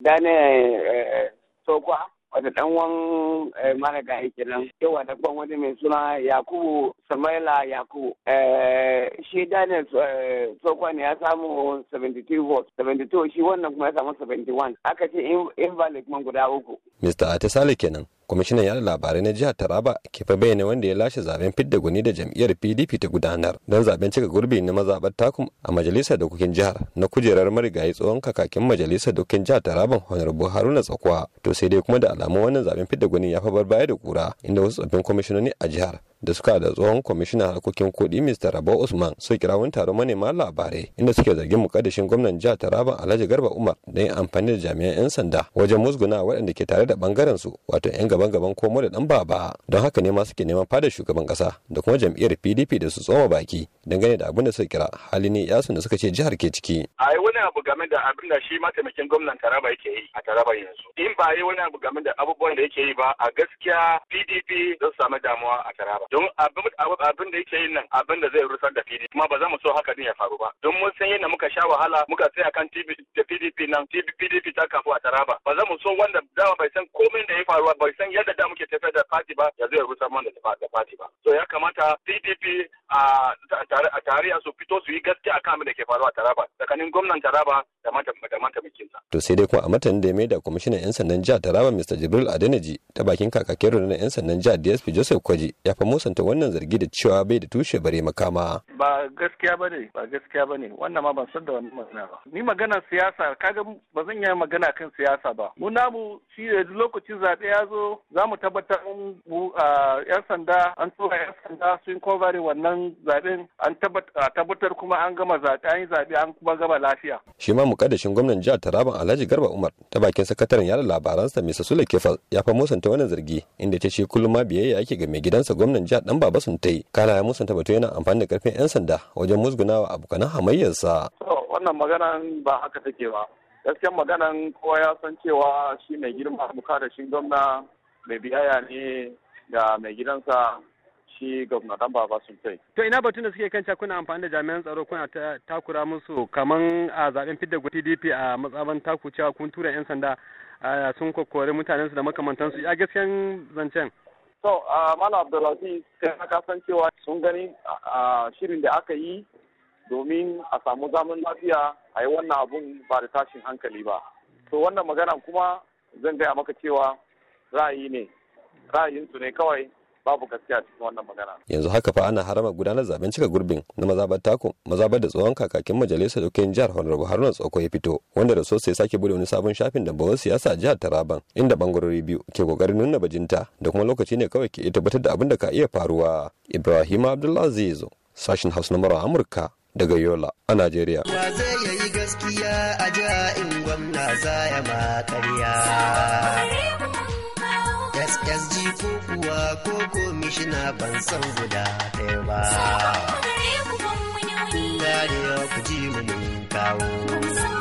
Dane eh, Sokwa, wata ɗanwan wan eh, maraga nan Yawa da kwan wani mai suna Yakubu Samaila Yakubu. Eh, shi Daniel Sokwa ne ya samu 72 votes, 72 shi wannan kuma ya samu 71. Aka ce invalid man guda uku. Mr. atisali kenan. kwamishinan yada labarai na jihar taraba ke fa bayyana wanda ya lashe zaben fidda gwani da jam'iyyar pdp ta gudanar don zaben cika gurbi na mazaɓar takum a majalisar dokokin jihar na kujerar marigayi tsohon kakakin majalisar dokokin jihar taraban buhari haruna tsakuwa to sai dai kuma da alamun wannan zaben fidda gwani ya fa bar baya da kura inda wasu tsoffin kwamishinoni a jihar da suka da tsohon kwamishinan harkokin kuɗi mr rabo usman su kira wani taron manema labarai inda suke zargin mukaddashin gwamnan jihar taraba alhaji garba umar da yin amfani da jami'an 'yan sanda wajen musguna waɗanda ke tare da bangaren su wato 'yan gaban gaban komo da dan baba don haka ne ma suke neman fadar shugaban ƙasa, da kuma jam'iyyar pdp da su tsoma baki dangane da abin da suka kira hali ne yasun da suka ce jihar ke ciki a yi wani abu game da abin da shi mataimakin gwamnan taraba yake yi a taraba yanzu in ba yi wani abu game da abubuwan da yake yi ba a gaskiya pdp zai samu damuwa a taraba don abin da yake yin nan abin da zai rusar da PDP kuma ba za mu so haka din ya faru ba don mun san yadda muka sha wahala muka tsaya kan PDP nan PDP ta kafu a Taraba ba za mu so wanda dama bai san komai da ya faru ba, bai san yadda da muke tafiyar da party ba ya zai rusar mana da party ba so ya kamata PDP a tare a su fito su yi gaskiya akan abin da ke faruwa a Taraba tsakanin gwamnan Taraba da mata da mata to sai dai kuma a matan da ya maida kwamishinan 'yan sandan jihar taraba mr jibril adeniji ta bakin kakakin rundunar 'yan sandan jihar dsp joseph kwaji ya fa musanta wannan zargi da cewa bai da tushe bare makama ba gaskiya ba ne ba gaskiya ba ne wannan ma ban san da wannan magana ba ni magana siyasa kaga ba zan yi magana kan siyasa ba mu namu shi da lokacin zaɓe ya zo za mu tabbatar mu yan sanda an tura yan sanda sun kovare wannan zaɓen an tabbatar kuma an gama zaɓe an yi zaɓe an kuma gama lafiya shi ma mukaddashin gwamnan jihar taraba alhaji garba umar ta bakin sakataren yada labaransa mr sule kefal ya fa musanta wannan zargi inda ta ce kullum ma biyayya ake ga mai gidansa gwamnan jihar dan baba sun ta yi kana ya musanta batu yana amfani da karfin yan sanda wajen musgunawa abokanan hamayyarsa. wannan maganan ba haka take ba gaskiyar maganan kowa ya san cewa shi mai girma muka da shi gwamna mai biyayya ne ga mai gidansa shi gwamna dan baba sun kai to ina batun da suke kan kuna amfani da jami'an tsaro kuna takura musu kamar a zaben fidda pdp a matsaban taku cewa kun tura yan sanda sun kokore mutanensu da su ya gaskiyan zancen so malam abdulaziz kai na san cewa sun gani shirin da aka yi domin a samu zaman lafiya a yi wannan abun ba da tashin hankali ba to wannan magana kuma zan gaya maka cewa ra'ayi ne ra'ayinsu ne kawai babu gaskiya cikin wannan magana yanzu haka fa ana harama gudanar zaben cika gurbin na mazabar tako mazabar da tsohon kakakin majalisar dokokin jihar honorable haruna tsoko ya fito wanda da sosai sake bude wani sabon shafin dambawar siyasa a jihar taraban inda bangarori biyu ke kokarin nuna bajinta da kuma lokaci ne kawai ke tabbatar da abin da ka iya faruwa ibrahim abdulaziz sashin hausa na amurka daga yola a najeriya gaskiya a in gwamna za ya ma ssg ko kuwa ko komishina ban san guda ɗaya ba Gare ku ji mu mun kawo.